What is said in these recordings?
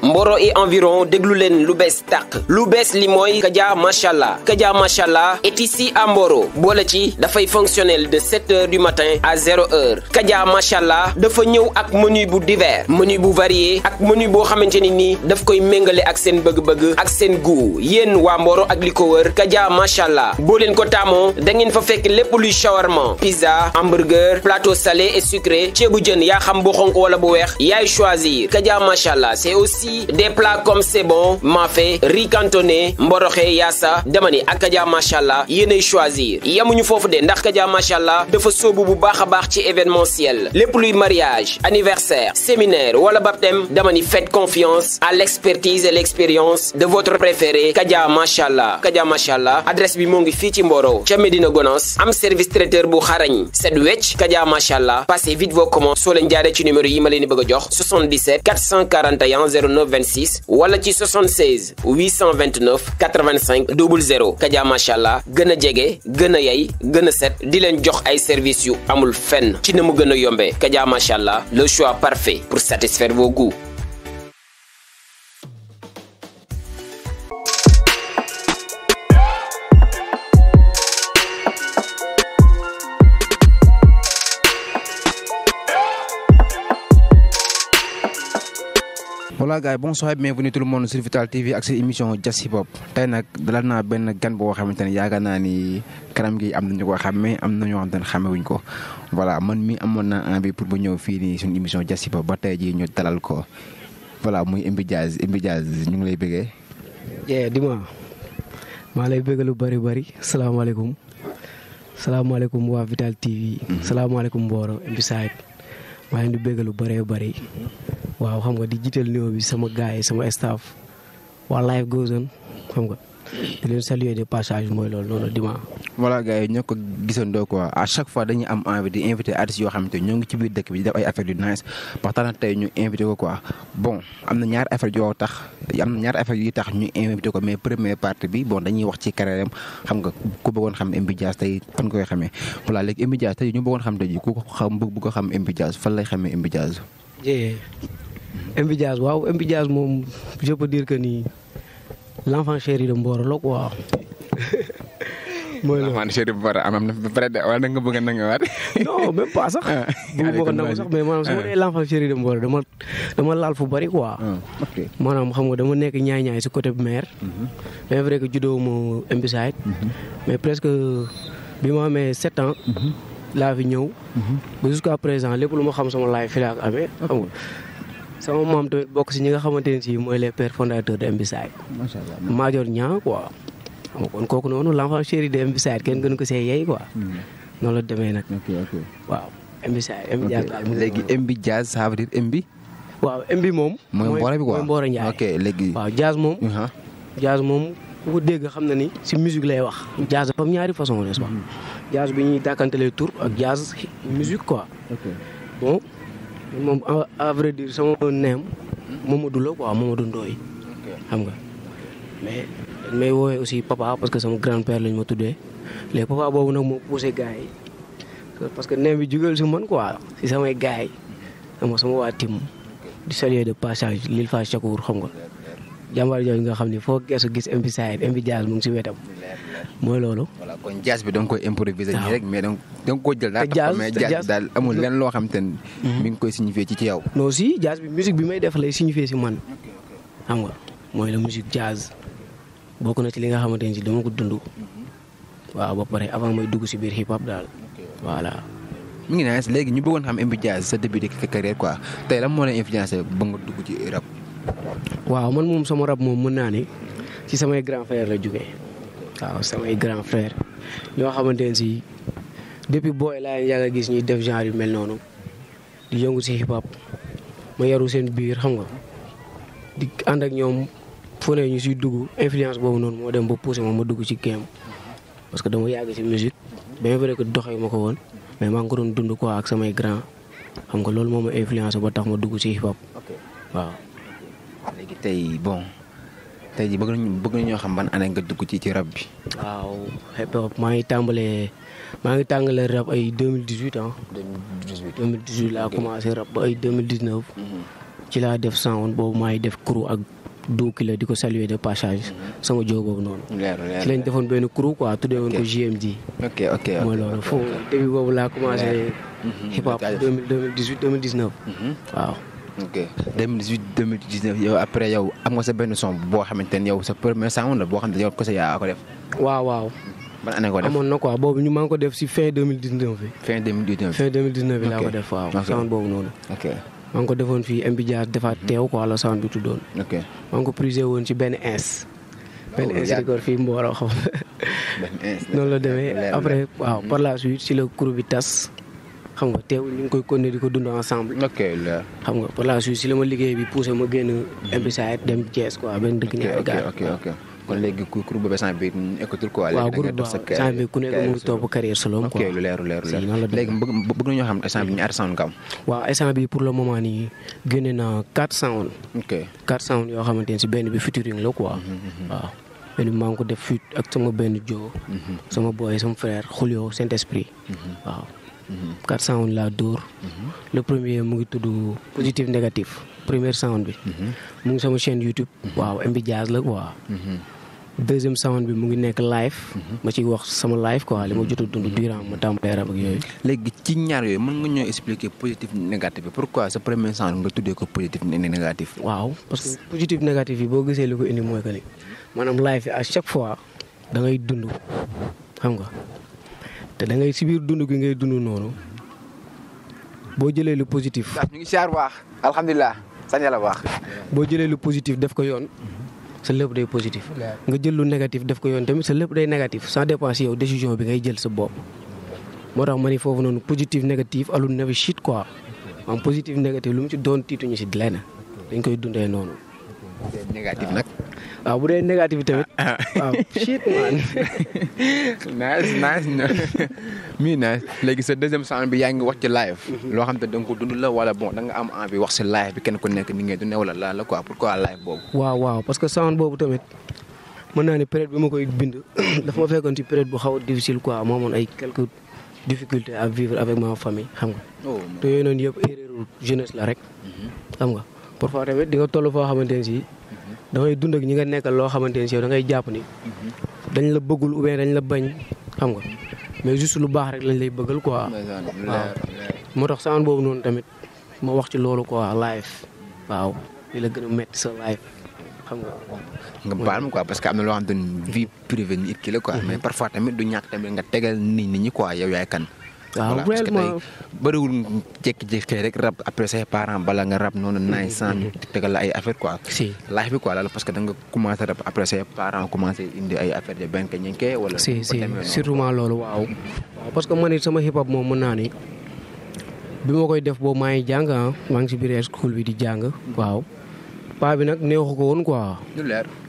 Mboro et environ déglu leen lu bees limoy lu bees li est ici à Mboro Boleti ci fay fonctionnel de 7 h du matin à 0 heure Kaja da fa ak menu bu divers menu bu varié ak menu bo xamante ni daf koy mengalé ak sen bëgg-bëgg ak sen goût yeen wa Mboro ak wër Kaja Mashallah ko tamo da ngeen fa fekk lépp luy shawarma pizza hamburger plateau salé et sucré bu ya ya xam bu xonko wala bu choisir Kadia machallah c'est aussi des plats comme c'est bon mafé riz cantonné mboroxe yassa. dama ni akadia machallah yene choisir. il choisir yamuñu fofu de ndax kadia machallah dafa sobu bu événementiel lepp luy mariage anniversaire séminaire wala baptême dama ni faites confiance à l'expertise et l'expérience de votre préféré kadia machallah kadia machallah adresse bi fitimboro ngi ci am service traiteur bu xarañ set wetch kadia passez vite vos commandes sur len jare ci numéro jox 77 441 09. 226, wala ci 76 829 85 00 Kadia machallah allah gën a yay set di jox ay Service yu amul fen. ci na mu Kadia le choix parfait pour satisfaire vos goûts. Voilà gars yi bonsoir bienvenue tout le monde sur Vital TV ak seen émission Jazz Hip Hop tey nag dalal naa benn gan boo xamante ne yaakaar ni kanam gi am nañu ko xàmmee am na ñoo xamante ne ko voilà man mi amoon naa envie pour bu ñëw fii nii suñu émission Jazz Hip ba tey jii ñu dalal ko voilà muy imbi Diaz imbi Diaz ñu ngi lay bëggee. jee Dima ma lay bëgg lu bari bari salaamaaleykum salaamaaleykum waa Vital TV. Mhm. salaamaaleykum Mboro Mb Saïd maa ngi di bëgg lu bëree bari. waaw xam nga di jiital nuyoo bi sama gars yi sama staff waa live goes xam nga di leen saluer de passage mooy loolu loolu dima voilà gars yi ñoo ko gisandoo quoi à chaque fois dañuy am envie di invité artistes yoo xamante ñoo ngi ci biir dëkk bi di def ay affaire yu nice ñu invité ko quoi bon am na ñaari affaire yoo tax am na ñaari affaire tax ñu invité ko mais première partie bi bon dañuy wax ci carrière xam nga ku bëggoon xam Mb Diaz tey fan koy xame voilà léegi Mb Diaz tey ñu bëggoon xam tey ku ko xam bëgg ko xam Mb Diaz fan lay xamee Mb Mb waaw Mb moom je peux dire que nii l'enfant chéri de Mboro la quoi. mooy la l'enfant chéri bu Mboro am na ba pare wala na nga bëgg a nangawaat. non même pas sax. Ah, bëgg ma ko nangu sax mais ma ah. nee l'enfant chéri de Mboro dama dama laal fu bari quoi. Ah, maanaam xam nga dama nekk ñaay-ñaay si côté maire. Mhm. bien vrai que juddoo ma Mb mhm. mais presque bi ma amee sept ans. Mhm. lépp lu ma xam sama laay fi amee sama maam tamit bokk si ñi nga xamante ne si mooy les pères fondateurs de Mbissaye. macha kon kooku noonu l'enfant chéri de kenn gënu ko see yey quoi. Hmm. la demee nag. ok ok waaw. Mbissaye Mbi Dia daal waaw Mbi moom. mooy Mboro bi quoi mooy Mboro Ndiaye. ok léegi waaw moom. Uh-huh. Dia moom xam na ni si musique lay wax. Dia dafa ñaari façon n'est-ce pas. Hmm. Dia bi ñuy dàkkantelee tur ak Dia musique quoi. moom à vrai dire sama neem Mamadou la quoi Mamadou Ndoye xam nga mais mais may aussi papa parce que sama grand père lañ ma tuddee léegi papa boobu nag moo poussé gars parce que neem bi jugal si man quoi si samay gars yi xam nga sama waa tim di saluer de passage lil fa Chakour xam nga jàmbaar jooju nga xam ni foo geesu gis mbi saayit mbi jaas mu si wetam mooy loolu. kon jazz bi da nga koy improviser. nii rek mais da nga koo jël daal. te mais jazz daal amul lenn loo xam ni. Mhm. mi ngi koy signifier ci ci yow. non si jazz bi musique bi may def lay signifier si man. xam nga mooy la musique jazz bokk na ci li nga xamante ne si dama ko dund. Mhm. waaw ba pare avant may dugg si biir hip hop daal voilà. mi ngi naan léegi ñu bëggoon xam influence sa début de carrière quoi tey lan moo lay influencé ba nga dugg ci rap. waaw man moom sama rab moom mën naa ni ci samay grand frère la jógee. waaw samay grand frère ñoo xamante ne si depuis booy laa yaa nga gis ñuy def genre yu mel noonu di yëngu si hip hop ma yaru seen biir xam nga di ànd ak ñoom fu ne ñu siy dugg influence boobu noonu moo dem ba poussé moom ma dugg ci game parce que dama yàgg si musique bien vrai que doxee ma ko woon mais maa ngi ko doon dund quoi ak samay grand xam nga loolu moom ma influence ba tax ma dugg si hip hop waaw. léegi tey tey jii bëgg nañu bëgg nañoo xam ban année nga dugg ci ci rab bi. waaw hip hop maa ngi tàmbalee maa ngi tàmbalee rab ay 2018 ah. 2018 2018 laa commencé rab ba ay 2019. Mm-hmm. ci laa def sound boobu maa ngi def crew ak Doki la di ko saluer de passage mm-hmm. sama joo boobu noonu. ci lañ defoon benn crew quoi tuddee woon ko GMD. ok ok mooy loolu foofu début boobu laa commencé. Mm-hmm. hip hop waaw. ok 2018 2019 yow après yow am nga sa benn son boo xamante ne yow sa premier son la boo xam ne yow kese yaa ko def. waaw waaw. ban année ko def amoon na quoi boobu ñu maa ngi ko def si fin 2019 bi. fin 2019 fin 2019 bi laa ko def waaw. ok son boobu noonu. ok maa ngi ko defoon fii Mbidia defaat mhm. teew quoi la son bi tuddoon. ok maa ngi ko prisé woon ci Ben ins. benn ins oh, record fii Mboro xam. benn ins Non la demee après waaw mhm. par la suite si le kuréel bi tas. xam nga teewul ñu ngi koy continuer di ko dund ensemble. ok leer xam nga par la suite si la ma liggéey bi poussé ma génn. MPSAID dem Thiès quoi benn dëkk ñaari gaal. ok ok ba bi écoutul quoi. léegi da nga dox sa carrière bi ku nekk mu ngi topp carrière solo quoi. ok lu leer bi pour le moment nii génne na quatre sound. ok quatre yoo xamante ne si benn bi featuring la quoi. Mhm, mhm. waaw ko def feat ak sama benn joo. Mhm. sama boy sama frère Julio Saint Esprit waaw. quatre sound laa dóor mhm. le premier mu ngi tudd positif négatif première sound bi mhm. mu ngi sama chaîne YouTube mhm. waaw Mb la quoi deuxième sound bi mu ngi nekk live ma ciy wax sama live quoi li ma jot a dund durant ma tàmbalee rab ak yooyu léegi ci ñaar yooyu mën nga ñoo expliquer positif négatif bi pourquoi sa premier sound nga tuddee ko positif négatif waaw parce que positif négatif yi boo gisee li ko indi mooy que ni maanaam live yi à chaque fois da ngay xam nga te da ngay si biir dund gi ngay dund noonu boo jëlee lu positif. ñu ngi siyaar baax alhamdulilah sañ la baax. boo jëlee lu positif def ko yoon sa lépp day positif. nga jël lu négatif def ko yoon tamit sa lépp day négatif sans dépense yow décision bi ngay jël sa bopp. moo tax ma ni foofu noonu positif négatif alul never shit quoi am positif négatif lu mu ci doon tiituñu si lenn dañ koy dundee noonu. négatif nag. waaw ah, bu dee négatif bi tamit. Ah, ah. waaw shit man. nice nice mi nice léegi sa deuxième son bi yaa ngi wax ci live. Mhm. loo xam te da nga dund la wala bon da nga am envie wax si live bi kenn ku nekk ni ngee dundee wala la la ko pourquoi live boobu. waaw waaw parce que san boobu tamit mën naa ne période bi ma koy bind dafa ma fekkoon ci période bu xaw a difficile quoi moo amoon ay quelques difficultés à vivre avec ma famille xam nga. Oh, te yooyu noonu yëpp erreur jeunesse la rek. Mhm. xam nga parfois tamit di toll foo xamante ne si. Mhm. dangay dund ak ñi nga nekkal loo xamante ne si yow da ngay jàpp ni dañ la bëggul ou bien la bañ xam nga mais juste lu baax rek lañ lay bëggal quoi. waaw moo tax sama boobu noonu tamit ma wax ci loolu quoi live waaw li la gën a métti sa live xam nga. nga baal ma quoi parce que am na loo xamante ni vie privée nit ki la mhm. du ñàkk tamit nga tegal nit ñi quoi yow yaay kan. waaw ah, réellement bëriwul jékki-jékki rek rab après say parents bala nga rab noonu naaj sànni ah, mm-hmm. tegal la ay affaire quoi. si life bi quoi la parce que da nga commencé rab après say parents commencé indi ay affaire de benn ñenke wala. si si surtout loolu waaw. waaw parce que man sama hip hop moom mën naa ni bi moo koy def boobu maa ngi jàng ah, maa ngi si biir school bi di jàng waaw. paa bi nag neexu ko woon quoi.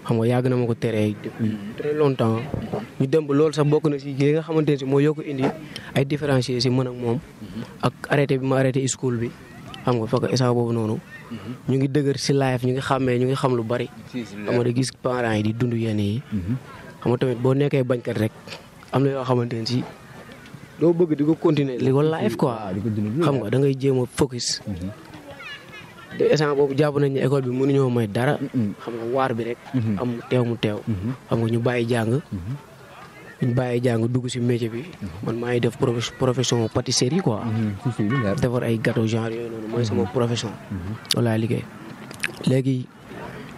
xam nga yàgg na ma ko teree depuis mm-hmm. très longtemps. ñu dem ba loolu sax bokk na si li nga xamante ne si moo yokk indi ay différencier si man ak moom. Mm-hmm. ak arrêté bi ma arrêté school bi xam nga fekk instant noonu. Mm-hmm. ñu ngi dëgër si live ñu ngi xàmmee ñu ngi xam lu bari. xam nga da gis parents yi di dund yenn yi. xam nga tamit boo nekkee bañkat rek am na yoo xamante ne si doo bëgg di ko continuer li ko live quoi. Ah, xam nga da ngay jéem a focus. essence boobu jàpp nañ ne école bi ñoo may dara. xam nga waar bi rek. Mm-hmm. am teew mu teew. Mm-hmm. xam nga ñu bàyyi jàng. Mm-hmm. ñu bàyyi jàng dugg si métier bi. man maa ngi def profession pâtisserie quoi. defar ay gâteau genre yooyu noonu mooy sama profession. loolu laay liggéey léegi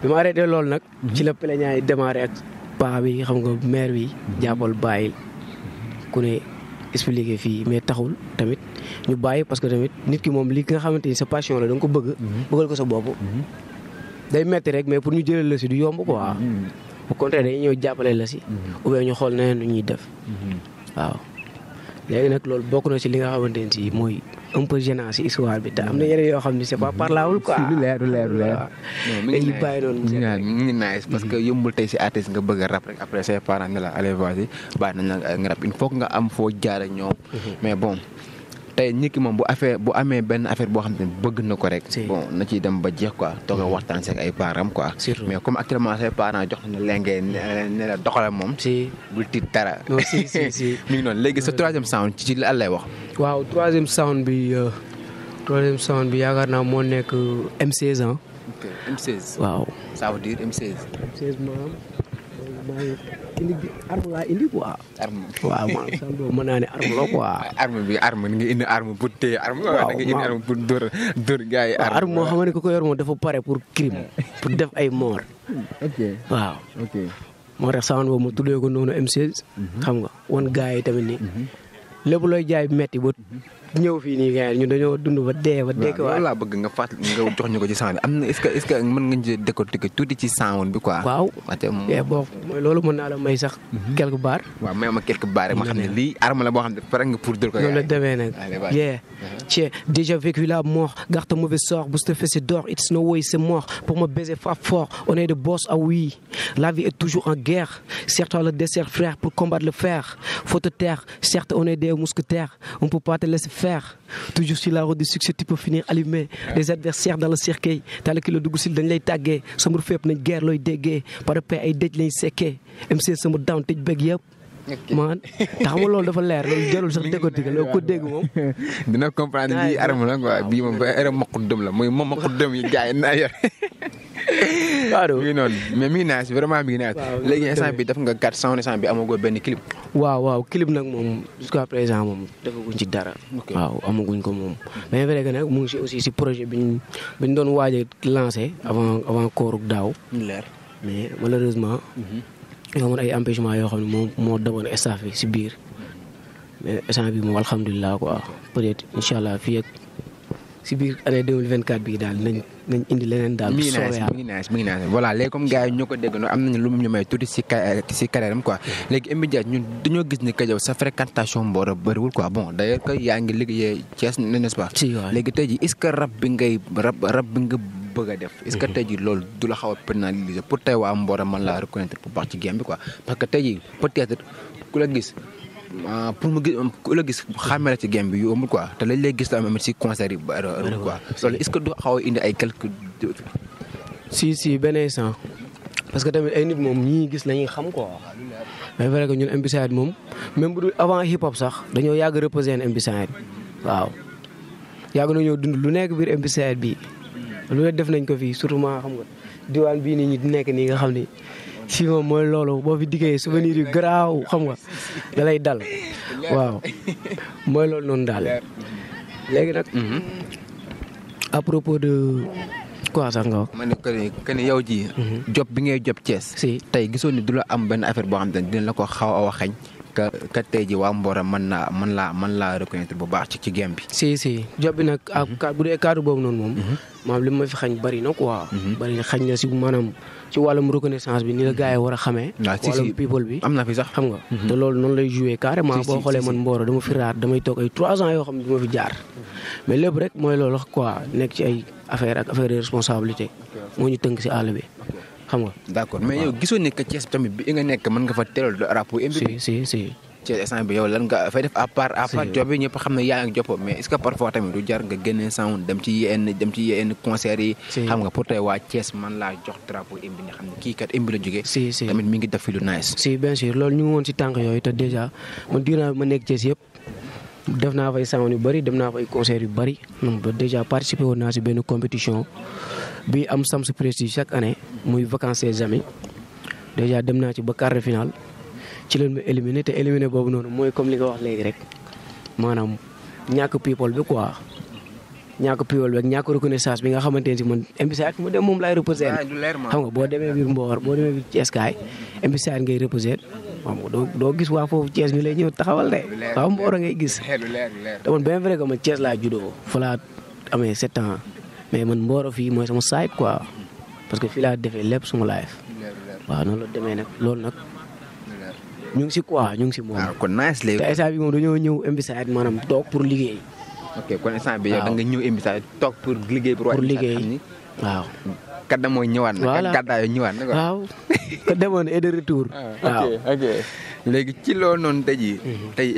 bi ma arrêté loolu nag. ci la plaignant yi démarré ak paa bi xam nga maire bi jàppal bàyyil ku ne. expliqué fii mais taxul tamit ñu bàyyi parce que tamit nit ki moom li nga xamante ni sa passion la da nga ko bëgg. Mhm. bëggal ko sa bopp. Mhm. day metti rek mais pour ñu jëlal la si du yomb quoi. Mhm. au contraire dañuy ñëw jàppale la si. ou ñu xool neneen lu ñuy def waaw. léegi nag loolu bokk na ci li nga xamante si mooy un peu gênant ci histoire bi te am na yeneen yoo xam ne c'est pas parlable quoi. lu leer lu leer lu leer. dañuy bàyyi noonu mi ngi parce que mm-hmm. yombul tey ci artiste nga bëgg a rap rek après ses parents ne la allez vas-y bàyyi nga rap il faut nga am foo jaar ak ñoom mm-hmm. mais bon. tey nit ki moom bu affaire bu amee benn affaire boo xam ne bëgg na ko rek. bon na ciy dem ba jeex quoi toog a hmm. waxtaan si ay parents quoi. mais comme actuellement say parents jox na ne la doxalal moom. si bul tiit dara. si si si ngi noonu léegi sa troisième sound ci lan lay wax. waaw troisième sound bi euh, troisième sound bi yaakaar naa moo nekk M16 ah. M16. waaw ça veut dire M16. M16 indi arme laa indi quoi. arme waaw man Sando mën naa ne arme la quoi. arme bi arme ni nga indi arme pour téye arme. waaw nga indi arme pour dóor dóor gars yi. arme moo xam ne ku ko yor moom dafa pare pour crime pour def ay mort. waaw. moo tax sama boobu ma tuddee ko noonu m mhm. xam nga wan gars yi tamit ni mhm. lépp looy jaay metti ba mhm. ñëw fii nii gars ñu dañoo dund ba dee ba dee. waaw loolu laa bëgg nga fàtt nga jox ñu ko ci sang bi am na est-ce que est-ce que mën nga ci décortiquer tuuti ci sangoon bi quoi. waaw eh, bon mooy loolu mën naa la may sax. Mhm. quelque bar. waaw may ma quelque bar rek ma xam ne lii arme la boo xam ne pare nga pour. dër ko loolu la demee nag. yeah mhm. tiens déjà vécu la mort garde mauvais sort booste fessé d'or it's no way c'est mort pour me baiser frappe fort on est de boss ah oui la vie est toujours en guerre certes le dessert frère pour combattre le fer faut te taire certes on est des mousquetaires on peut pas te laisser toujours sur la route du succès tu peux finir allumé les adversaires dans le cercueil tel que le dugg si l'état lay tàggee sama fépp nañ guerre looy dégué. par rapport ay et lañ sekkee MC sama daaw tëj beeg baguette. man xam nga loolu dafa leer loolu jarul sax décortiquer ko dégg moom. dina comprendre bii arme la quoi bii moom arme mokku dëm la mooy moom mokku dëm yi gars yi naa yor. waaw mi mais mi vraiment mi ngi naaj. léegi instant bi def nga gàtt sans instant bi amagoo benn clip. waaw waaw clip nag moom jusqu'à présent moom defaguñ ci dara. waaw amaguñ ko moom. mais vrai que nag mu si aussi si projet bi ñu bi ñu doon waaj a lancé avant avant daaw. leer mais malheureusement. Mhm. dafa amoon ay empêchement yoo xam ne moo moo demoon staff bi si biir mais instant bi moom alhamdulilah quoi peut être incha allah fii ak si biir année 2024 bii daal nañ nañ indi leneen daal. bu soobee yàlla mi ngi comme gars yi ñoo ko déggandoo am nañu lu mu ñu may tuuti si si carrière am léegi Emy ñun dañoo gis ni Kajaw sa fréquentation mbooloo bëriwul quoi bon d' ailleurs yaa ngi liggéeyee Thiès n'est-ce pas. ci léegi tey jii est que rab bi ngay rab rab nga bëgg def. est mhm. tey jii loolu du la xaw a pénaliser pour tey waa Mboro man laa reconnaître bu baax ci game bi parce que tey jii peut être ku gis. Ah, pour mu gis ku la gis xàmme la ci game bi yombul quoi te lañ lay gis la am ci concert yi ba quoi loolu a indi ay si si benn instant parce que tamit ay nit moom ñi gis nañu xam quoi mais vrai que ñun MPCAD moom même bu dul avant hip hop sax dañoo yàgg représenté MPCAD waaw yàgg nañoo dund lu nekk biir MPCAD bi lu ne def nañ ko fii surtout ma xam nga diwaan bii nii ñu nekk nii nga xam ni si moom mooy loolu boo fi diggee souvenirs yu garaaw xam nga lay dal waaw mooy loolu noonu daal léegi nag. Mhm. à de quoi sax nga wax. ma ne que ni yow ji mhm. job bi ngay job Thiès. si tey gisoon ni du la am benn affaire boo xam te ne dina la ko xaw a waxañ. ka ka tey ji waa Mbora man naa mën laa mën laa reconnaître bu baax ci ci game bi. si si job bi nag. ak mhm. bu dee cadre boobu noonu moom. maanaam li ma fi xañ bari na quoi. bari xañ na si maanaam. ci wàllum reconnaissance bi ni la mhm. gars yi war a xamee. Ah, wàllum people bi na fi sax xam nga. Mhm. te loolu noonu lay joué carrément boo xoolee man Mboro dama fi raar damay toog ay trois ans yoo xam ne du fi jaar. Mhm. mais lépp rek mooy loolu quoi nekk ci ay affaire ak affaire de responsabilité moo ñu tënk si àll bi. xam nga d'accord mais yow gisoon ne que Thiès tamit bi nga nekk mën nga fa teelal rapport. si si Thiès instant bi yow lan nga fay def à part bi ñëpp xam ne yaa ngi jopp mais est ce que parfois tamit du jar nga génne sound dem ci yenn dem ci yenn concert yi xam nga pour tey waa Thiès man laa jox drapeau imbi nga xam ne kii kat imbi la jógee si mi ngi def fi lu nice si bien sûr loolu ñu ngi woon si yooyu te dèjà man durant ma nekk Thiès yëpp def naa fay sound yu bari dem naa fay concert yu bëri ba dèjà participé woon naa si benn compétition bi am Sams Prestige chaque année muy vacances amis dèjà dem naa ci ba quart de ci leen ma éliminé te éliminé boobu noonu mooy comme li nga wax léegi rek maanaam ñàkk piipol bi quoi ñàkk people bi ak ñàkk reconnaissance bi nga xamante ne si man MPCA mu dem moom laay représenté ah, xam boo demee biir Mbowar boo demee biir ngay représenté xam nga doo doo gis waa foofu Thiès mi lay ñëw taxawal de waaw Mbowar ngay gis te man bien vrai que man Thiès laa juddoo fa amee sept ans mais man Mbowar fii mooy sama site quoi parce que fii laa defee lépp suma life waa noonu la demee nag loolu nag ñu ngi si quoi ñu ngi si moom. waaw ah, kon nice léegi. te instant bi moom dañoo ñëw Mbissaat maanaam toog pour liggéey. ok kon instant bi yow da nga ñëw Mbissaat toog pour liggéey. pour liggéey waaw. kadda mooy ñëwaat na. voilà kadda yoo na quoi. waaw ka demoon et de ah, léegi ci loolu noonu tey jii. Mhm. tey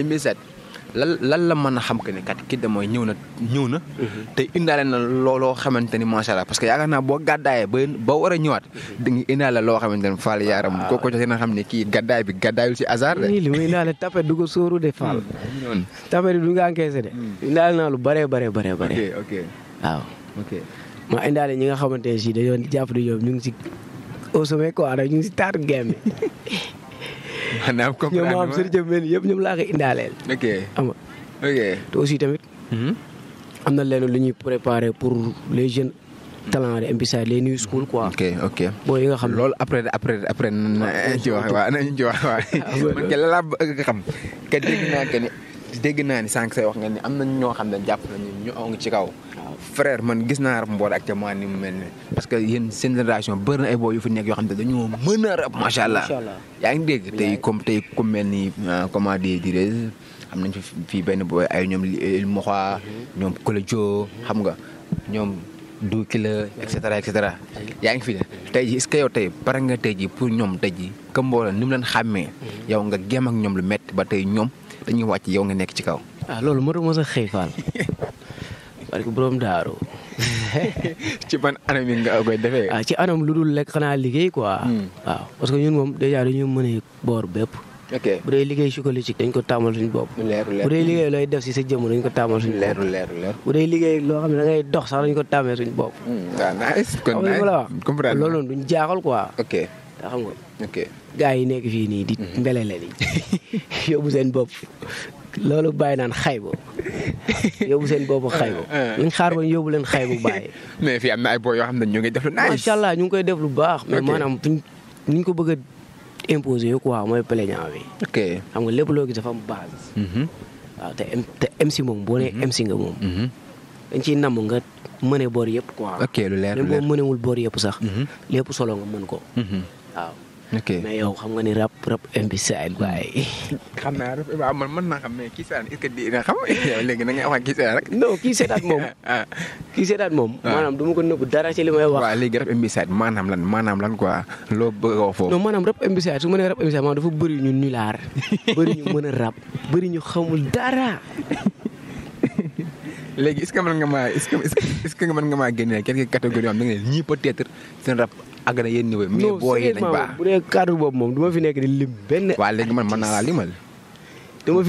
lan lan la mën a xam que ni kat Kidda mooy ñëw na ñëw na. Mhm. te indaale na looloo xamante ni macha allah parce que yaakaar naa boo gàddaayee ba ba war a ñëwaat. Mhm. da nga indaale loo xamante ni Fall yaaram. waaw ah. kooku dina xam ne kii gàddaay bi gàddaayul si hasard de. li mu indaale tapé du ko sóoru de Fall. Mm. Mm. lu bëree bëree bëree bëree. ok indaale ñi nga xamante ne si dañoo jàpp ne ñoom ñu ngi si au sommet quoi ñu ngi si taatu game xanaa comprendre ñoom maam Serigne Diop yëpp ñoom laa koy indaaleel. ok xam nga te aussi tamit. Hmm? am na lenn lu ñuy préparer pour les jeunes talents de MPSA les new school quoi. ok ok boo yi nga xam loolu après après après nañ ci wax waaw nañ wax waaw man kay laa bëgg xam kat dégg naa que ni dégg sànq say wax nga ni am na ñoo xam ne jàpp nañu ñu ngi ci kaw. frère man gis naa rap pas actuellement ni mu mel ni parce que yéen seen génération bëri na ay boo yu fi nekk yoo xam ne dañoo rap macha allah ngi dégg tey comme tey ku mel ni euh, comment dire dirais am nañ fi fii benn booy ay ñoom il moxa mhm. ñoom kolajo xam nga ñoom duuki la et cetera et cetera yaa ngi fi de tey est ce yow tey pare nga tey ji pour ñoom tey ji ka mbooloo ni mhm. yow nga ak lu metti ba dañuy yow nga ci kaw ah barke borom daaru. ci ban anam yi nga koy defee. ah ci anam lu dul lekk xanaa liggéey quoi. Hmm. waaw parce que ñun moom dèjà dañu mën a boor bépp. ok bu dee liggéey psychologique dañ ko taamal suñu bopp. leer leer bu dee liggéey looy def si sa jëmm ko taamal suñu bopp. leer leer leer bu dee liggéey loo xam ne dox sax dañ ko taamee suñu bopp. Hmm, waaw nice kon nice loolu duñ jaaxal quoi. ok daa xam nga. ok gars yi nekk fii nii di hmm. mbelele li yóbbu seen bopp loolu bàyyi naan xaybu yóbbu seen boobu xaybu nañ ah, ah. xaar ba yóbbu leen xaybu bàyyi. mais fii am na ay boo yoo xam ne ñu ngi def lu nice. macha allah ngi koy def lu baax. mais maanaam duñ ñu ko bëgg a imposer quoi mooy plaignant bi. xam nga lépp loo gis dafa am base. Mhm. waaw te te si moom boo nee si mhm. nga moom. Mhm. dañ ciy namm nga mëne boor yëpp ko ok lu leer lu mënewul boor yëpp sax. lépp solo nga mën ko. mais yow xam nga ni rap rap imbécile waaye. xam naa rap waaw man man naa xam mais kii seetaan est-ce que di xam yow na nga wax kii seetaan kii seetaan moom. Ah. kii seetaan moom. Ah. maanaam du ma ko nëbb dara ci li may wax. waaw léegi rap imbécile maanaam lan maanaam lan ko loo bëgg a wax foofu. non maanaam rap su ma nee rap imbécile maanaam dafa bëri ñu laar bari ñu mën a rap bëri ñu xamul dara. léegi est-ce que mën nga maa est-ce que est-ce mën nga maa génnee quelques catégories yoo xam ne ñii peut-être seen rap àgg na yéen niveau mais booy yi nañ baax bu dee cadre boobu moom du ma lim benn. waaw léegi man mën naa laa lim benn yow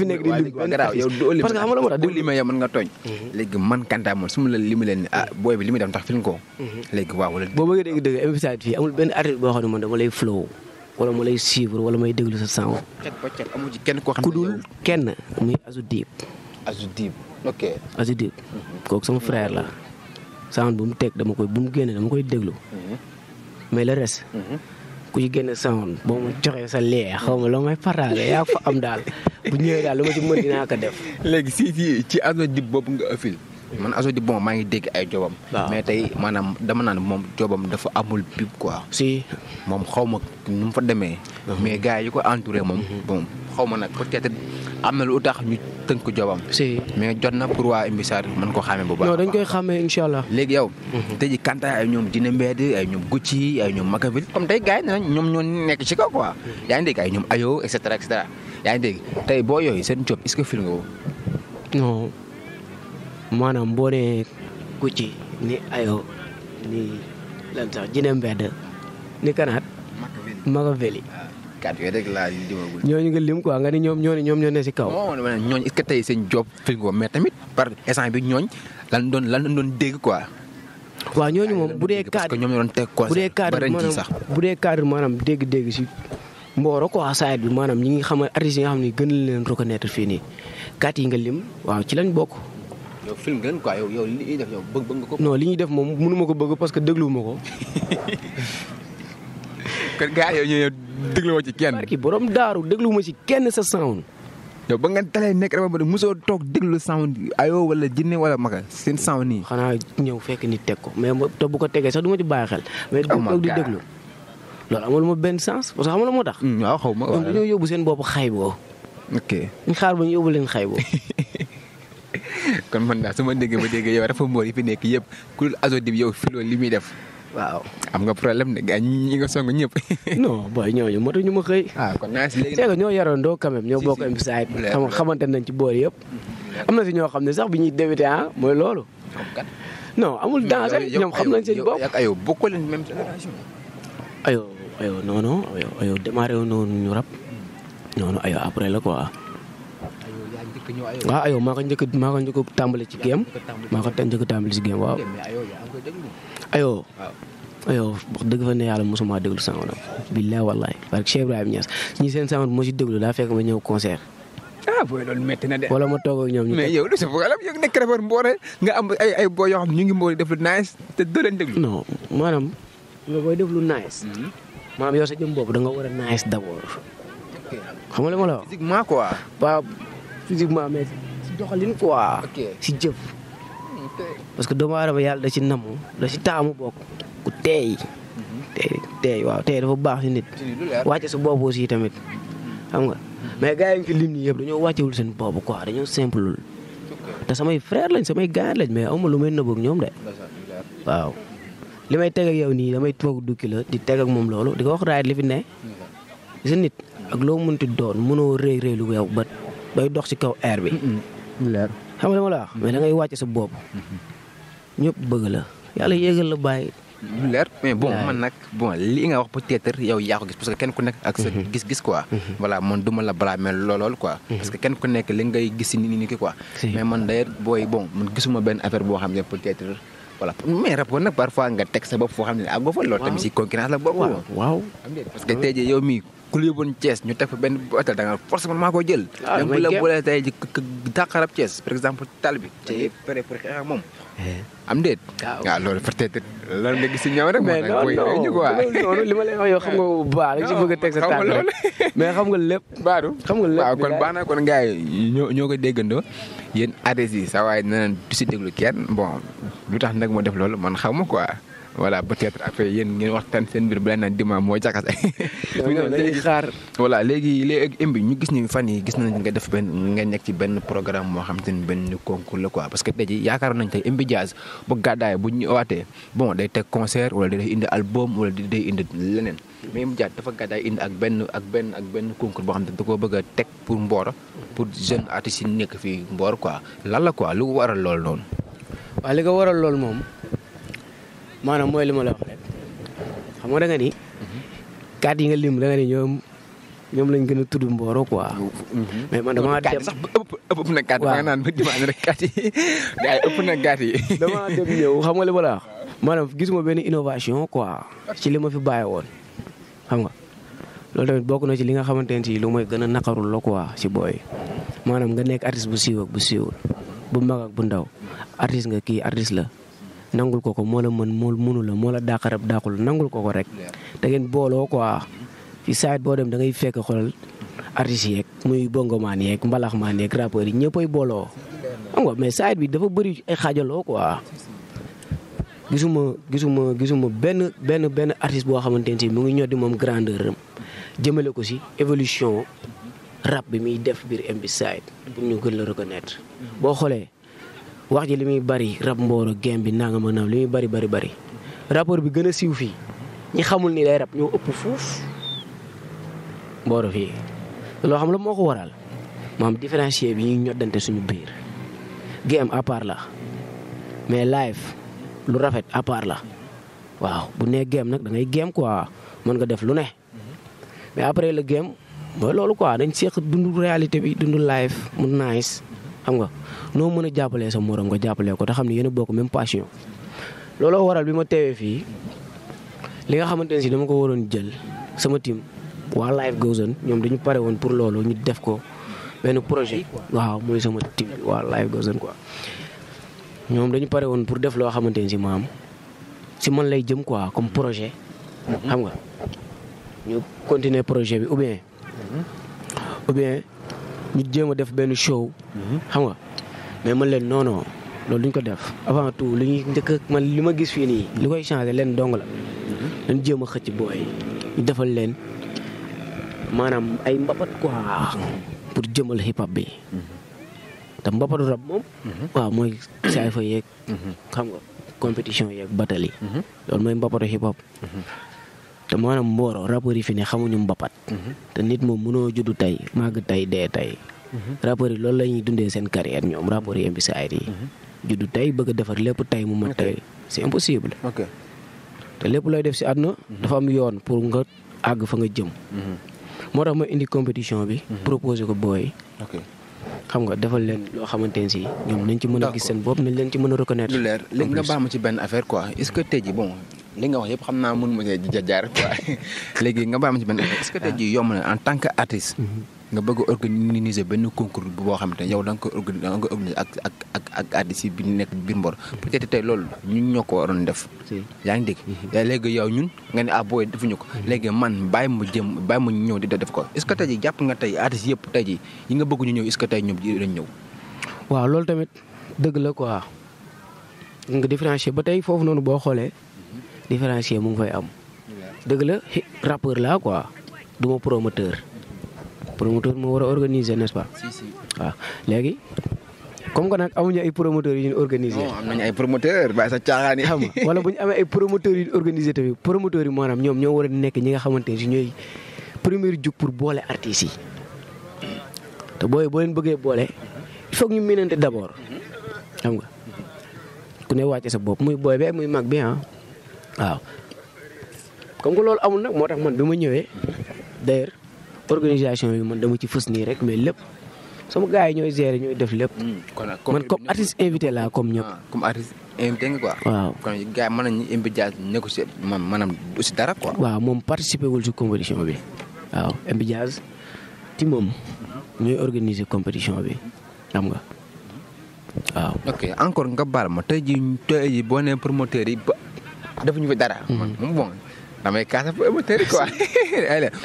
tax limee yow mën nga tooñ. Mhm. léegi man Kanta man su ma la limalee ni ah li muy def tax film ko. Mhm. léegi waaw wala. ma lay suivre sa sang. ket amu ci kenn koo xam ne ku dul kenn mhm. sama frère la. sound bu mu teg dama koy bu mu génne dama koy déglu. mais le reste. ku ci a sound boo ma joxee sa lee xaw ma loo may partage yaa fa am daal bu ñëwee daal lu ma ci mën dinaa ko def. léegi si ci ci Azodip boobu nga afil man Azodip bon maa ngi dégg ay jobam. mais tey maanaam dama naan moom jobam dafa amul pub quoi. si moom xaw ma nu mu fa demee. Mhm. mais gars yi ko entouré moom mhm. bon. xaw ma nag peut-être am na lu tax ñu tënk jobam. si mais jot na pour waa Mbisar man ko xàmmee bu baax. non dañ koy xàmmee incha allah. léegi yow. Mhm. tey jii ay ñoom dina mbedd ay ñoom Gucci ay ñoom Makaville comme tey gars yi ne ñoom ñoo nekk ci kaw quoi. Mhm. yaa ngi dégg ay ñoom Ayo et cetera et cetera yaa ngi dégg tey boo yooyu seen job est-ce que film nga ko. non maanaam boo nee Gucci ni Ayo ni lan sax mbedd ni kanaat Makaville Makaville kàddu yooyu rek laa dimagul. ñooñu nga lim quoi nga ni ñoom ñoo ne ñoom ñoo ne si kaw. non ñooñu tey seen job fi ko mais tamit par instant bi ñooñ lan doon dégg quoi. waaw ñooñu moom bu dee cadre ba ren yi nga lim waaw ci lañ bokk. yow film li ñuy def yow bëgg bëgg nga ko. non moom mënu ko bëgg parce que dégluwuma ko. kon gars déglu ma ci kenn. barki borom daaru déglu kenn sa sound. yow ba nga dalee nekk rek ba mosoo toog déglu sound ayoo wala jinne wala maka seen sound nii. xanaa ñëw fekk ni teg ko mais te bu ko tegee sax du ma ci bàyyi xel. mais du oh toog di loolu amul ma benn sens parce que xam moo tax. Mm, waaw xaw ma waaw dañoo yóbbu seen bopp xayboo. ok xaar ba ñu yóbbu leen xayboo. kon man daal su ma déggee ba déggee yow dafa mboor yi fi nekk yëpp ku dul azo dib yow fi li muy def. waaw am nga problème de gaañ ñi nga song ñëpp. non booy ñooñu motu ñu ma xëy. ah kon ñoo yarandoo quand même ñoo bokk MSA it. xam nañ ci boor yëpp. am na si ñoo xam ne sax bi ñuy débuté ah mooy loolu. non amul danger ñoom xam nañ seen bopp. ayoo bokkoo leen même ayoo ayoo non non ñu rab. non non ayoo après la quoi. waaw ah, ayoo maa ko njëkk maa ci game maa ko njëkk ci game waaw. ayoo ayoo wax dëgg fa ne yàlla mosuma déglu sama rab billaay wallaay parce que Cheikh Ibrahima Niass ñi seen sama moo si déglu daa fekk ma ñëw concert. ah booy na de. wala ma toog ak ñoom ñu. mais yow lu ay ay booy yoo ñu ngi Mboré def lu nice te doo leen déglu. non maanaam nga booy def lu nice. Mhm. maanaam yow sa jëm boobu da nga war a nice d'abord. xam nga li ma la wax. physiquement quoi. waaw physiquement mais si doxalin quoi. si parce que doomu aadama yàlla da ci namu da ci taamu bokk ku teey teey teey waaw teey dafa baax si nit wàcce sa bopp si tamit xam nga mais gars yi ngi fi lim nii yëpp dañoo wàccewul seen bopp quoi dañoo simplul te samay frère lañ samay gars lañ mais amuma lu may nëbboog ñoom de waaw li may teg ak yow nii damay toog du la di teg ak moom loolu di ko wax raay li fi ne sa nit ak loo mënti doon mënoo rëy rëy lu weew ba bay dox ci kaw air bi xam nga ma la wax mais da ngay wàcc sa bopp ñëpp bëgg la yàlla yéegal la bàyyi. lu leer mais bon man nag bon li nga wax peut-être yow yaa ko gis parce que kenn ku nekk ak sa mhm. gis-gis quoi. Mhm. voilà man du ma la balaa mel lool quoi. Mhm. parce que kenn ku nekk li ngay gis si nit ñi quoi. mais man d'ailleurs booy bon man gisuma benn affaire boo xam ne peut-être voilà mais rap ko nag parfois nga teg sa bopp foo xam ne àggoo fa. waaw loolu tamit si concurrence la bokk. waaw waaw parce que ku yóbbuwoon Thiès ñu teg fa benn hôtel da nga forcément maa ko jël. waaw ah, bu la boolee tey ji dàqarab Thiès par exemple tal bi. tey pare pour xeex a moom. Eh. am déet. waaw ah, loolu peut-être lan nga gis si ñoom rek. mais non non li ma lay xam nga bu baax rek si a teg mais xam nga lépp. baadu xam nga lépp waaw kon baax na kon ñoo ko déggandoo yéen adhés yi saa waaye dina leen du si déglu kenn bon lu tax nag moo def loolu man xaw ma quoi. voilà peut-être après yéen ngeen waxtaan seen mbir bu leen naan dimaam mooy jaxas léegi léegi imbi ñu gis ñu fan yi gis nañ nga def benn nga nekk ci benn programme moo xam te ne benn concours la quoi parce que tey jii yaakaar nañ tey imbi jazz bu gàddaay bu ñu waatee bon day teg concert wala day indi album wala day indi leneen mais mu jaat dafa gàddaay indi ak benn ak benn benn concours boo xam te da koo bëgg a teg pour Mboro pour jeune artistes yi nekk fii Mboro quoi lan la quoi lu waral loolu noonu waaw Mana mulai li ma la wax rek xam nga ni kàddu yi nga lim da nga ni ñoom ñoom lañ gën a tudd quoi. mais man damaa dem sax ëpp na kàddu nga naan ba dimaane rek kàddu yi gars ëpp na kàddu yi. damaa dem ñëw xam nga la wax gis nga innovation quoi ci fi xam nga tamit na ci li nga si lu mooy gën a naqarul quoi si booy maanaam nga nekk artiste bu siiw ak bu bu mag ak bu ndaw artiste nga artiste la. nangul ko ko moo la mën moo mënu mool a la dàqarab dàqul nangul ko ko rek da ngeen booloo quoi ci saayit boo dem da ngay fekk xoolal artistes yeeg muy bongomaan yeeg mbalaxmaan yeeg rappeurs yi ñëppay booloo xam nga mais saayit bi dafa bëri ay xaajaloo quoi gisuma gisuma gisuma benn benn benn artiste boo xamante ne si mu ngi ñoddi moom grandeur am jëmale ko si évolution rab bi muy def biir MB Saïd pour ñu la reconnaître boo xoolee wax ji li bari rab mbooro game bi nanga mën naam li muy bari bari bari rapport bi gën a siw fii ñi xamul ni day rab ñoo ëpp fuuf mbooro fii loo xam la moo ko waral maam différencier bi ñuy ñoddante suñu biir game à par la mais live lu rafet à part la waaw bu ne game nag dangay ngay game quoi mën nga def lu ne mais après le game mooy loolu quoi dañ seq dundu réalité bi dundu live mu nice xam nga noo mën a jàppalee sa morom nga jàppalee ko te xam ne yéen a bokk même passion. looloo waral bi ma teewee fii li nga xamante ne si dama ko waroon jël sama team waa Life Goes ñoom dañu pare woon pour loolu ñu def ko benn projet. waaw mooy sama team ñoom dañu pare woon pour def loo xamante ne si maam si man lay jëm ko comme projet. xam nga ñu continuer projet bi ou bien. ou bien ñu jéem a def benn show. xam nga mais ma leen non non loolu duñ ko def avant tout lu ñu njëkk man li ma gis fii nii. lu koy changé leen dong la. dañ jéem a xëcc booy ñu defal leen maanaam ay mbapat quoi pour jëmal hip hop bi. te mbapatu rab moom. waaw mooy saay fa yeeg. xam nga compétition yeeg batali. loolu mooy mbapatu hip hop. te maanaam mbooro rappeurs yi fi xamuñu mbapat. te nit moom mënoo juddu tey màgg tey dee tey. rappeurs yi loolu la ñuy dundee seen carrière ñoom rappeurs yi MPCA yi. juddu tey bëgg a defar lépp tey mu mën tey c'est impossible. te lépp looy def si àdduna. Mhm. dafa am yoon pour nga àgg fa nga jëm. Mhm. moo tax ma indi compétition bi. Mhm. proposé ko booy. xam nga defal leen loo xamante ne si ñoom nañ ci mën a gis seen bopp nañ leen ci mën a reconnaître. lu leer léegi nga baax ma ci benn affaire quoi est que tey jii bon li nga wax yëpp xam naa mën ma cee jajaar quoi léegi nga baax ma ci benn en tant que artiste. nga bëgg a organiser benn concours boo xam te yow da nga ak ak ak ak artiste nekk biir Mbor hmm. peut-être tey loolu ñun ñoo ko waroon def. yaa ngi dégg. Hmm. léegi yow ñun nga ne ah booy defuñu ko. Hmm. léegi man bàyyi mu jëm bàyyi mu ñëw di def ko est-ce que tey jii jàpp nga tey artiste yëpp tey jii yi nga bëgg ñu ñëw est-ce que tey ñoom ji dañ waaw loolu tamit dëgg la quoi nga différencier ba tey foofu noonu boo xoolee différencier mu ngi fay am. dëgg la rappeur laa quoi du ma promoteur. promoteur moo war a organiser n'est-ce pas. si si Ah léegi. comme que nag amuñu ay promoteurs yu ñu organisé. non am nañu ay promoteurs bàyyi sa caaxaan yi xam nga wala bu ñu amee ay promoteurs yu ñu organisé tamit promoteurs yi maanaam ñoom ñoo war a nekk ñi nga xamante ne ñooy premier jug pour boole artistes yi te booy boo leen bëggee boole il faut ñu mënante d' xam nga ku ne wàcce sa bopp muy booy be muy mag bi ah waaw. comme que loolu amul nag moo tax man bi ma ñëwee organisation bi man dama ci fës nii rek mais lépp sama gars yi ñooy gérer ñooy def lépp. Hmm, kon man comme artiste invité laa comme ñëpp. Ah, comme artiste invité nga quoi. waaw kon gars si maanaam du si dara quoi. waaw moom participer wul si compétition bi waaw Mbidiaz ti moom ñooy organiser compétition bi xam nga waaw. ok encore nga baal ma tey jii tey jii boo nee yi ba defuñu fi dara. Hmm. moom bon damay kaasa promoteur yi quoi.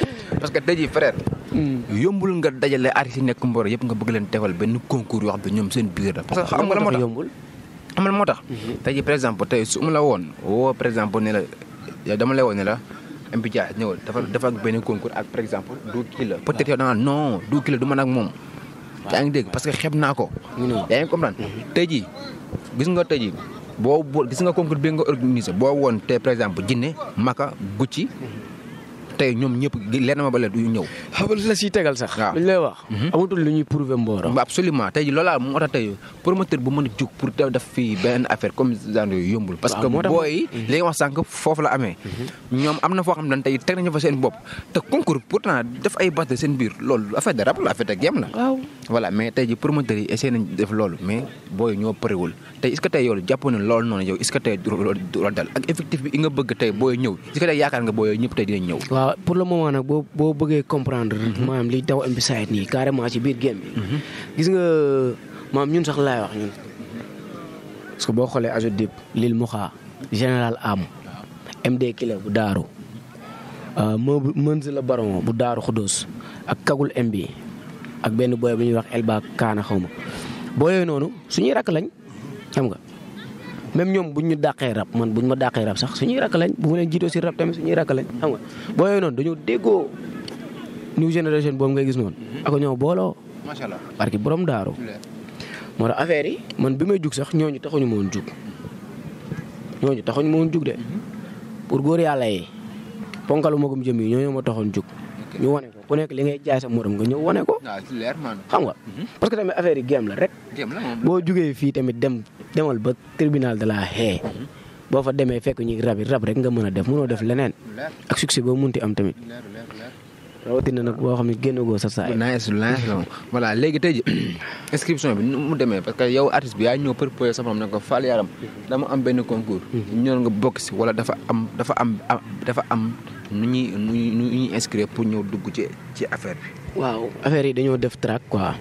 parce que tey jii frère. Hmm. yombul nga dajale artistes nekk Mboro yëpp nga bëgg leen defal benn concours yoo xam ne ñoom seen biir la. parce que xam moo tax yombul. xam nga moo hmm. tey jii par exemple tey su ma la par exemple ne la yow dama lay woon ne la. MP dafa dafa ak benn concours ak par exemple du kii la peut-être yow man ak moom. yaa ngi dégg parce que xeeb naa ko. yaa ngi comprendre mm-hmm. tey jii gis nga tey jii boo gis nga concours bi nga organisé boo woon tey par exemple Jinne Maka Gucci mm-hmm. Tay ñoom ñëpp lenn ma ba du duñu ñëw. xamal la siy tegal sax. waaw lay wax. Mhm. amatul lu ñuy prouver Mboro. absolument tey loola moo tax tey promoteur bu mën a jug pour def fii benn affaire comme genre yooyu yombul. parce que booy yi mhm. li nga wax sànq foofu la amee. Mhm. ñoom am na foo xam ne tey teg nañu fa seen bopp te concours pourtant def ay bàtt seen biir loolu affaire de rap la affaire de game la. waaw voilà mais tey ji promoteurs yi essayé nañ def loolu mais booy ñoo parewul tey est ce que tey yow na loolu yow est ce que tey du dal ak effectif bi nga bëgg tay boy ñëw est ce que tey yaakaar nga booy ñëpp tey dinañ waaw euh, pour le moment nag boo boo bëggee comprendre. maanaam mhm. liy daw Ambisaid nii carrément ci biir game mhm. gis nga maam ñun sax laay wax ñun. parce boo xoolee Azot Dip Lil Mouxa Général Am. MD kilo bu Daaru. Euh, Mënz la Baron bu Daaru Xudóos ak Kagul MB ak benn boy bu ñuy wax Elba Kaana xaw ma boo yooyu noonu suñuy rakk lañ. même ñoom bu ñu dàqee rab man buñ ma dàqee rab sax suñuy rakk lañ bu mu jiitoo si rab tamit ñuy rakk lañ xam nga boo yooyu noonu dañoo déggoo new génération gis noonu. Mhm. ako ñoo booloo. macha allah parce que borom daaru. moo affaire yi man bi may jug sax ñooñu taxuñu ma woon jug ñooñu taxuñu ma woon jug mhm. pour góor yàlla yi ponkalu magum jëm yi ñooñu ma taxoon jug. ñu wane ko ku nekk li ngay jaay sa morom nga ñëw wane ko. Ah, leer man xam nga. Mhm. parce que tamit affaire yi game la rek. boo jugee fii tamit dem demal ba tribunal de la boo fa demee fekk ñu rabi rab rek nga mën a def mënoo def leneen ak succès boo munti am tamit rawatina nag boo xam ne génn goo sa saa yi. voilà léegi tey ji bi nu mu demee parce que yow artiste bi yaa ñëw proposé sama am ko Fall Yaram mm-hmm. dama am benn concours. Mm-hmm. ñëw nga bokk si wala dafa am dafa am dafa am nu ñuy nu ñuy inscrire pour ñëw dugg ci ci affaire bi. waaw affaire yi dañoo def track quoi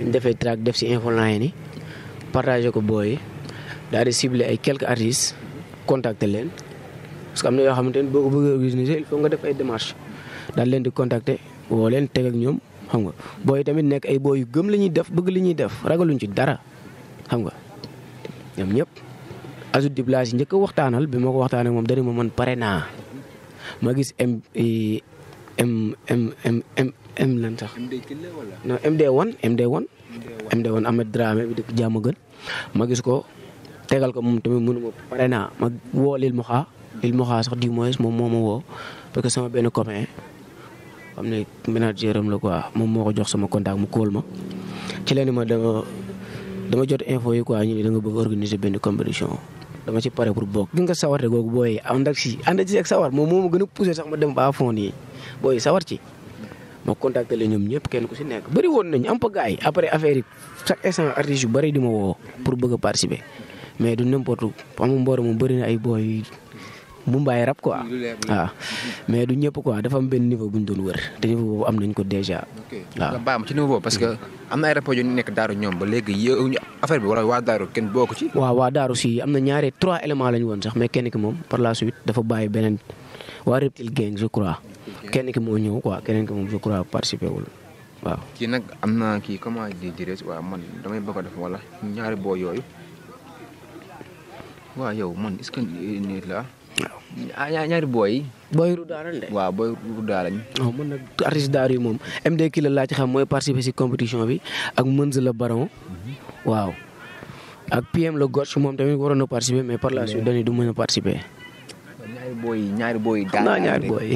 dañ defee track def si info line yi partagé ko booy daal di ciblé ay quelques artistes contacter leen parce que am na yoo xamante ne boo ko bëggee organiser il nga def ay démarches daal leen di contacter woo leen teg ak ñoom xam nga booy tamit nekk ay booy yu gëm li ñuy def bëgg li ñuy def ragaluñ ci dara xam nga ñoom ñëpp. Azou di place njëkk a waxtaanal bi moo ko waxtaanee moom dani moo man pare naa ma gis M M M M M lan sax. MD1 MD1. MD woon Ahmed Dramé bi dëkk jàmm gën ma gis ko tegal ko moom tamit mënu ma pare naa ma woo Lille Mouxa Lille Mouxa sax du moins moom moo ma woo parce que sama benn copain xam ne manager am la quoi moom moo ko jox sama contact mu kóol ma ci leen ma dama dama jot info yi quoi ñu ne da nga bëgg organiser benn compétition dama ci pare pour bokk. gis nga sawar googu booy ànd ak si ànd ci ak sawar moom moo gën a poussé sax ma dem ba fond yi booy sawar ci. ma contacté la ñoom ñëpp kenn ku si nekk bëri woon nañ am pa gaay après affaire chaque instant artiste yu di ma woo pour bëgg a participer mais du n'importe amu mbooro moom bëri na ay booy bu mbaay rap quoi waaw ah. mais du ñëpp quoi dafa am benn niveau bu doon wër te niveau boobu am nañ ko déjà waaw ah. baam ci niveau boobu parce que am na ay rapport yu nekk daaru ñoom ba léegi yow affaire bi wala waa daaru kenn bokk ci waaw waa si am na ñaari trois éléments lañ sax mais kenn ki par la suite dafa bàyyi beneen waa reptile gang je crois kenn ki moo ñëw quoi keneen ki moom je crois participer wul waaw. kii nag am na kii comment di dirais waaw man damay bëgg def wala ñaari boo yooyu waaw man est-ce que nit la ñaari booy yi. booy ru waaw booy ru daara lañ. non man nag artiste daar yi moom MD kii la laa xam mooy participer si compétition bi ak Mënz la baron. Mhm. waaw ak PM la Gotch moom tamit waroon na participer mais par la suite dañuy du mën a participer. ñaari booy yi ñaari booy yi. daanaka ñaari booy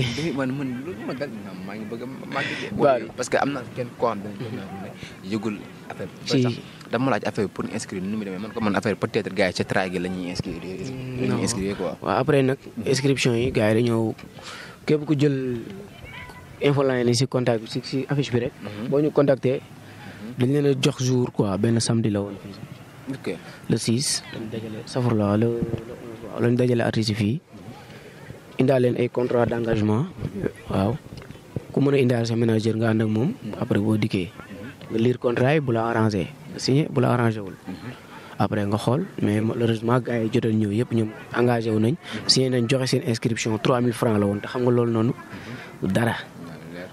ma dal maa ngi bëgg parce que am na kenn koo xam ne yëgul bi. ci dama laaj affaire pour inscrire nu mu demee man ko man affaire peut être gars yi ca traay gi la ñuy inscrire. la ñuy inscrire quoi. waaw après nag inscription yi gars yi dañoo képp ku jël info ni si contact si si affiche bi rek. Mhm. boo ñu contacter. Mhm. dañ leen jox jour quoi benn samedi la woon fii. ok le 6. lañ dajale safur la le le 11 dajale artiste fii. indaal leen ay contrat d' engagement waaw ku mën a indaal sa manager nga ànd ak moom après boo dikkee nga lire contrat yi bu la arrangé signé bu la arrangé après nga xool mais malheureusement gars yi jotoon ñëw yëpp ñoom engagé wu nañ signé nañ joxe seen inscription 3000 francs la woon te xam nga loolu noonu dara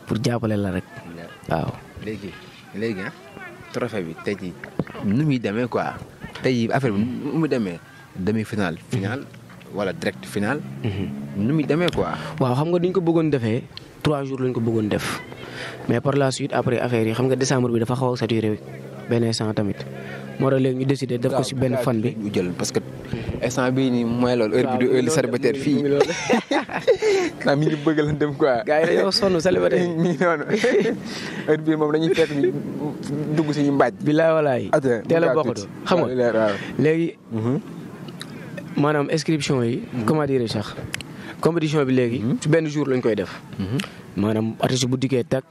pour jàppale la rek wala direct final. Mhm. nu muy demee quoi. waaw xam nga duñ ko bëggoon defee trois jours lañ ko bëggoon def mais par la suite après affaire yi xam nga décembre bi dafa xaw a saturé benn instant tamit moo tax léegi ñu décidé benn fan bi. jël parce que mhm. instant bii nii mooy loolu heure bi du heure célibataire fii. naa mi ngi bëgg lan dem quoi. gars yi dañoo sonn célibataire mi ngi noonu heure bii moom dañuy fekk ñu dugg si ñu mbaaj. bilaay walaay. teel a bokkatu léegi. Mhm. maanaam inscription yi. Mhm. comment dire sax compétition bi léegi. Mhm. ci benn jour lañ koy def. Mhm. maanaam artiste bu diggee tag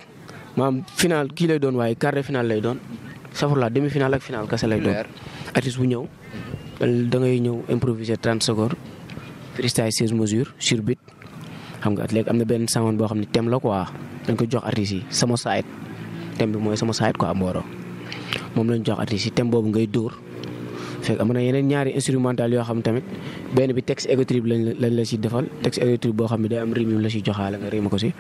maanaam final kii lay doon waaye quart de lay doon safurla demi finale ak finale kese lay doon. artiste bu ñëw. da ngay ñëw improviser 30 secondes. freestyle 16 mesures sur beat xam nga léegi am na benn sound boo xam ne thème la quoi dañ ko jox artiste sama side thème bi mooy sama side quoi Mboro moom lañ jox artiste yi boobu ngay dóor. fekk am na yeneen ñaari instrumental yoo xam tamit benn bi texte égotrip lañ lañ la si defal texte égotrip boo xam ne day am rythme la si joxaale nga rima ko si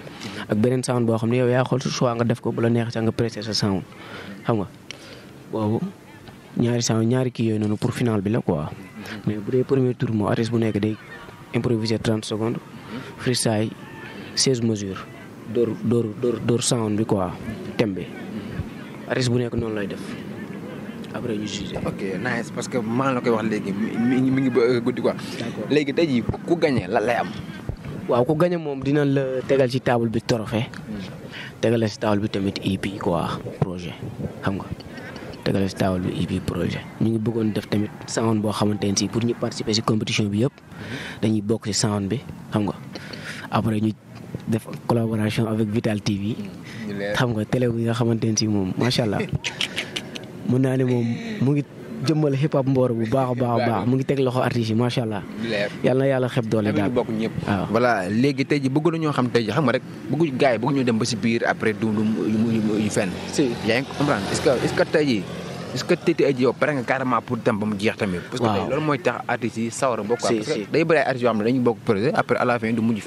ak beneen sound boo xam ne yow yaa xool su soit nga def ko bu la neex sax nga sa sound xam nga boobu ñaari sound ñaari kii yooyu pour final bi la quoi mais bu dee premier tour moo artiste bu nekk day improviser 30 secondes freestyle 16 mesures dor dor dor dor sound bi quoi tembe, artiste bu nekk noonu lay def après ñu jugé. parce que maa la koy wax léegi mi ngi mi ngi euh, guddi quoi. léegi tey jii ku gagné lan lay am. waaw ku gagné moom dina la tegal ci table bi trophée hmm. tegale si table bi tamit EP quoi projet xam nga tegale si table bi EP projet ñu ngi bëggoon def tamit sound boo xamante ne si pour ñu participer si compétition bi yëpp hmm. dañuy bokk si sound bi xam nga après ñu def collaboration avec Vital TV hmm. xam nga télé bi nga xamante ne si moom macha allah. mën naa ne moom mu ngi jëmmal hip hop mboor bu baax a baax a baax mu ngi teg loxo artistes yi macha allah. yal na yàlla xeb doole daal bokk ñëpp. voilà léegi tey ji bëgg na xam tey ji xam nga rek bëggu gars yi bëgg ñu dem ba si biir après du lu yu fenn. si yaa ngi comprendre est ce que est ce que tey est-ce que pare nga carrément pour dem ba mu jeex tamit. parce a si si day bëri ay artistes yoo du mujj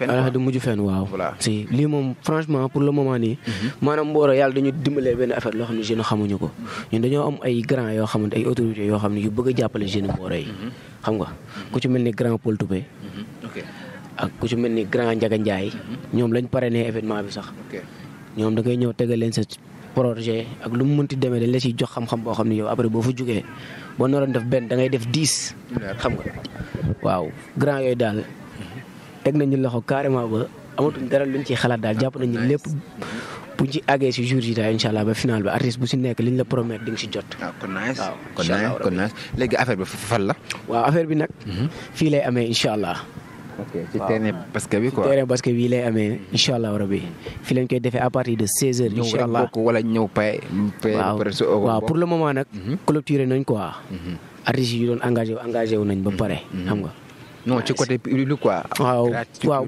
fenn. waaw si lii moom franchement pour le moment nii. Mhm. maanaam yàlla dañu dimbalee benn affaire loo xam ne jeunes xamuñu ko. ñun dañoo am ay grands yoo xamante ay autorités yoo xam ne yu bëgg a jàppale mhm. ku ci mel ni grand Paul mhm. ak ku ci mel ni grand Ndiaga Ndiaye. ñoom lañ parrainé événement bi sax. ñoom da ñëw tegal leen sa projet ak lu mu ti demee dañ la si jox xam-xam boo xam ne yow après boo fa jógee boo naroon def benn dangay def dix. xam nga waaw grand yooyu daal teg nañu loxo carrément ba amatuñ dara luñ ci xalaat daal jàpp nañu lépp. bu ñu ci àggee si jour yi daal incha allah ba final ba artiste bu si nekk liñ la promettre di nga si jot. Ah, kon nice kon nice kon nice léegi affaire bi fan la. waaw affaire bi nag. Mhm. fii lay amee incha allah. ok ci terrain basket bi quoi ci terrain basket bi lay amee incha allah rabi fi lañ koy defee à de 16h. incha allah ñëw rek wala ñëw pay. waaw waaw pour le moment nag. Mhm. clôturer nañ quoi. Mhm. artistes yi doon engagé wu engagé ba mhm. pare. xam nga. non ci côté public quoi. waaw waaw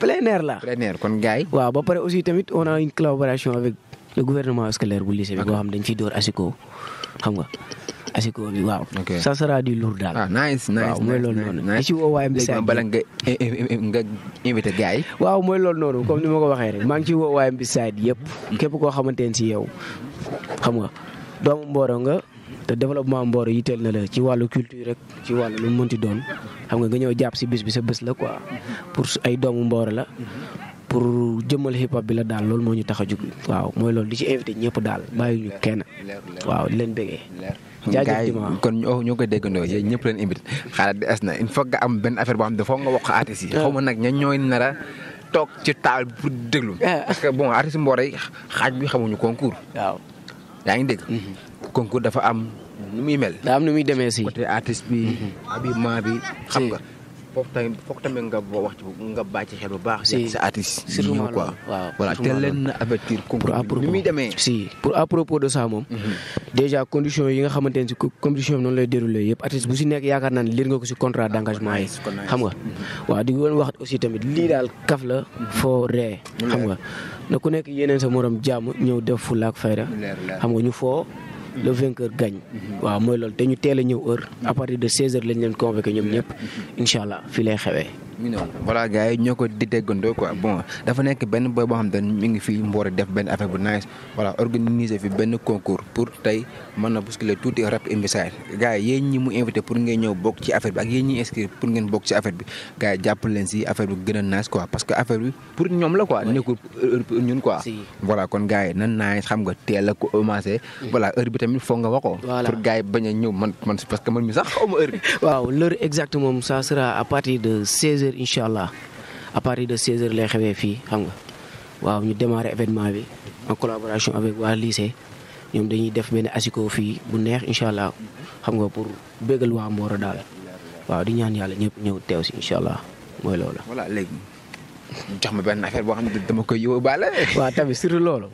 plein la. kon gars waaw ba pare aussi tamit on a une collaboration avec le gouvernement scolaire bu lycée bi. boo xam dañ fiy door asiko xam nga. asiko bi waaw. ok ça sera du lourd daal. ah nice nice waaw mooy loolu noonu. nice ci nga invité gars yi. waaw mooy loolu noonu comme ni ma ko waxee rek maa ngi ci woo waa MBC yëpp. Hmm. képp koo xamante ne si yow xam nga doomu Mboro nga. te développement mbooro yitteel na la ci wàllu culture rek ci wàllu lu mu mënti doon xam nga nga ñëw jàpp si bis bi sa bés la ko pour ay doomu Mboro la pour jëmmal hip hop bi la daal loolu moo ñu tax a jug waaw mooy loolu di ci invité ñëpp daal bàyyi ñu kenn waaw di leen bëggee. jaajëf Dima kon ñoo koy déggandoo yéen ñëpp leen invité xaaral di es na il faut nga am benn affaire boo xam ne nga wax artistes yi. Ah. toog taal pour déglu. Ah. parce que bon artistes Mbooro yi xaaj bi xamuñu concours. waaw yaa ngi dégg. Mhm. concours dafa am nu muy mel. daa am nu muy demee si. côté artiste bi. Mhm. habillement bi xam nga. foog tamit foog tamit nga boo wax ci nga bàyyi si sa artiste. surtout ma si mhm. condition yi nga xamante si condition bi noonu lay si nekk yaakaar nga ko si contrat ah, d' engagement yi. xam nga mhm. waaw di wax aussi tamit lii daal kaf la mhm. foo ree xam nga na nekk yeneen sa morom jàmm ñëw def fu laak fayda xam nga ñu foo. le vainqueur gagne. waaw mooy lool te ñu teel a ñëw heure à partir de 16h lañ leen convoqué ñoom ñëpp incha allah fi lay xewee. voilà gars yi ñoo ko di déggandoo quoi bon dafa nekk ben boy boo xam ne mi ngi fii mboor def benn affaire bu nice voilà organiser fi ben concours pour tey mën na bousculer tuuti rap imbécile gars yi yéen ñi mu invité pour ngeen ñëw bokk ci affaire bi ak yéen ñi inscrire pour ngeen bokk ci affaire bi gars yi jàpp leen si affaire bi gën nice quoi parce que affaire bi pour ñoom la quoi nekkul pour ñun quoi voilà kon gars yi nan nice xam nga teel a commencé mm. voilà heure bi tamit foog nga waxoo pour gars yi bañ a ñëw man man parce que man mi sax xawma heure waaw l'heure exactement ça sera à partir de 16 16h allah à partir de 16 lay xewee fii xam nga waaw ñu démarrer événement bi en collaboration avec waa lycée ñoom dañuy def benn asiko fii bu neex incha allah xam nga pour bégal waa Mboro daal waaw di ñaan yàlla ñëpp ñëw teew si incha allah mooy loolu. jox ma benn affaire boo xam ne dama koy yóbbaale. waa tamit surtout loolu.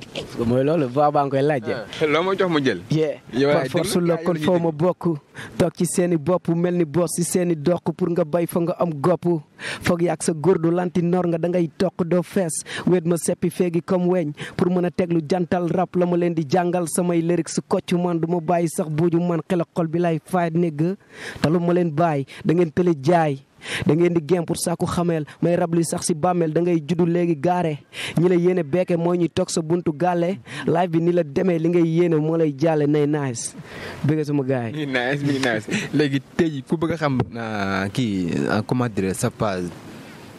mooy loolu baa baa ngi koy laajee. Ah, loo ma jox ma jël. yow par force la kon foo ma bokk. toog ci seen i bopp mel ni boos si seen i doq pour nga bay fa nga am gopp. foog yi ak sa góor du lanti noor nga da ngay toq doo fees wéet ma seppi feegi comme weñ pour mën a teglu jantal rap la ma leen di jàngal samay lyric su kocc man du ma bàyyi sax buuju man xel xol bi lay faay négg ma leen bàyyi da ngeen tële jaay. da ngeen di gem pour sàkku xameel may rab li sax si bàmmeel da ngay juddu léegi gaare ñi la yéene bekke mooy ñuy toog sa buntu gaale live bi ni la demee li ngay yéene moo lay jàlle nay nice bëgg sama gars yi. léegi tey ku bëgg xam xam ah, kii ah, comment dire sa page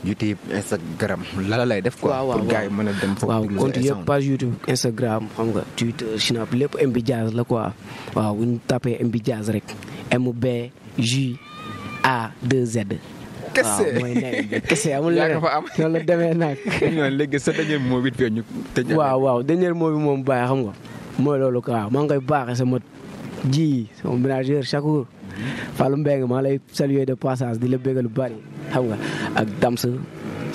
YouTube Instagram lala lay def. ko pour gars yi mën a dem foofu. waaw compte yëpp page YouTube Instagram xam nga Twitter Snap lépp MB Jazz la ko waaw bu ñu tapé MB Jazz rek MB J. A 2Z. kese amul la demee nag. sa dernier waaw waaw dernier mot bi moom bàyyi xam nga mooy loolu quoi maa ngi koy baaxee sama ji sama ménageur Chakour. Mm-hmm. Fallou Mbengue maa lay saluer de passage di la bégal lu bari xam nga ak Dams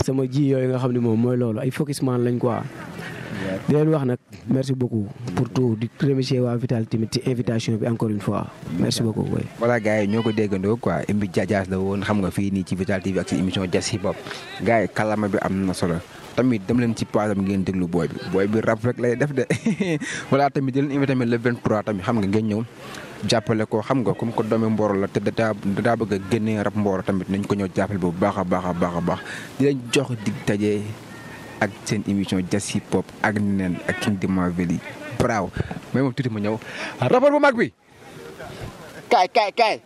sama ji yooyu nga xam ne moom mooy loolu ay focusement lañ quoi. di wax nag merci beaucoup pour tout di remercier waa Vital tamit ci invitation bi encore une fois merci beaucoup. voilà gars yi ñoo ko déggandoo quoi Mbith Diaz la woon xam nga fii nii ci Vital TV ak ci émission Dias Hip Hop yi kàllaama bi am na solo. tamit dem leen ci paasam ngeen déglu booy bi booy bi rap rek lay def de voilà tamit di leen invité tamit le 23 tamit xam nga ngeen ñëw jàppale ko xam nga comme ko doomi mboor la te daa daa bëgg a génnee rap mbooro tamit nañ ko ñëw jàppale bu baax a baax a baax a baax di leen jox dig tajee ak seen émission jazz hip hop ak nen ak King de Mavely bravo mais moom tuuti ma ñëw rapport bu mag bi kaay kaay kaay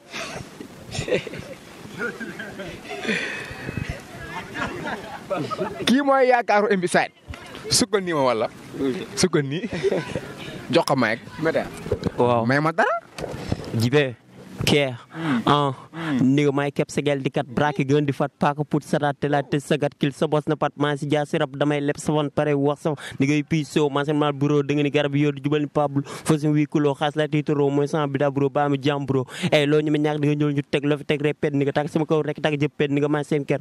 kii mooy yaakaaru Mbissaat sukkal nii ma wala sukkal nii jox ko ma rek. may ma dara. jibee care an ah. ndigo may kep segel dikat braki gon di fat paka put sara tela te sagat kil sobos na pat man si ja sirap damay lep safan pare wax saf ndigo yi pi so man sen mal buro de ngani garab yodu jubal ni pablu eh, rek tak jepet ndiga man sen ker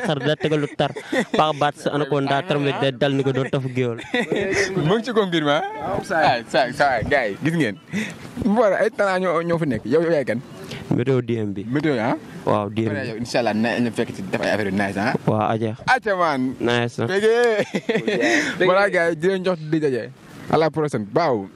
xar da tegalu tar pa bat sa anakonda tarmle de dal ndiga do taf geewol mo yi gis ngeen mboora ay tana ñoo ñoo fa nekk yow yaay kan météo DMB, météo ah waaw DM yow inshallah na ñu fekk ci affaire nice ah waaw aja aja man nice bege wala gaay di leen jox di daje ala prochaine baaw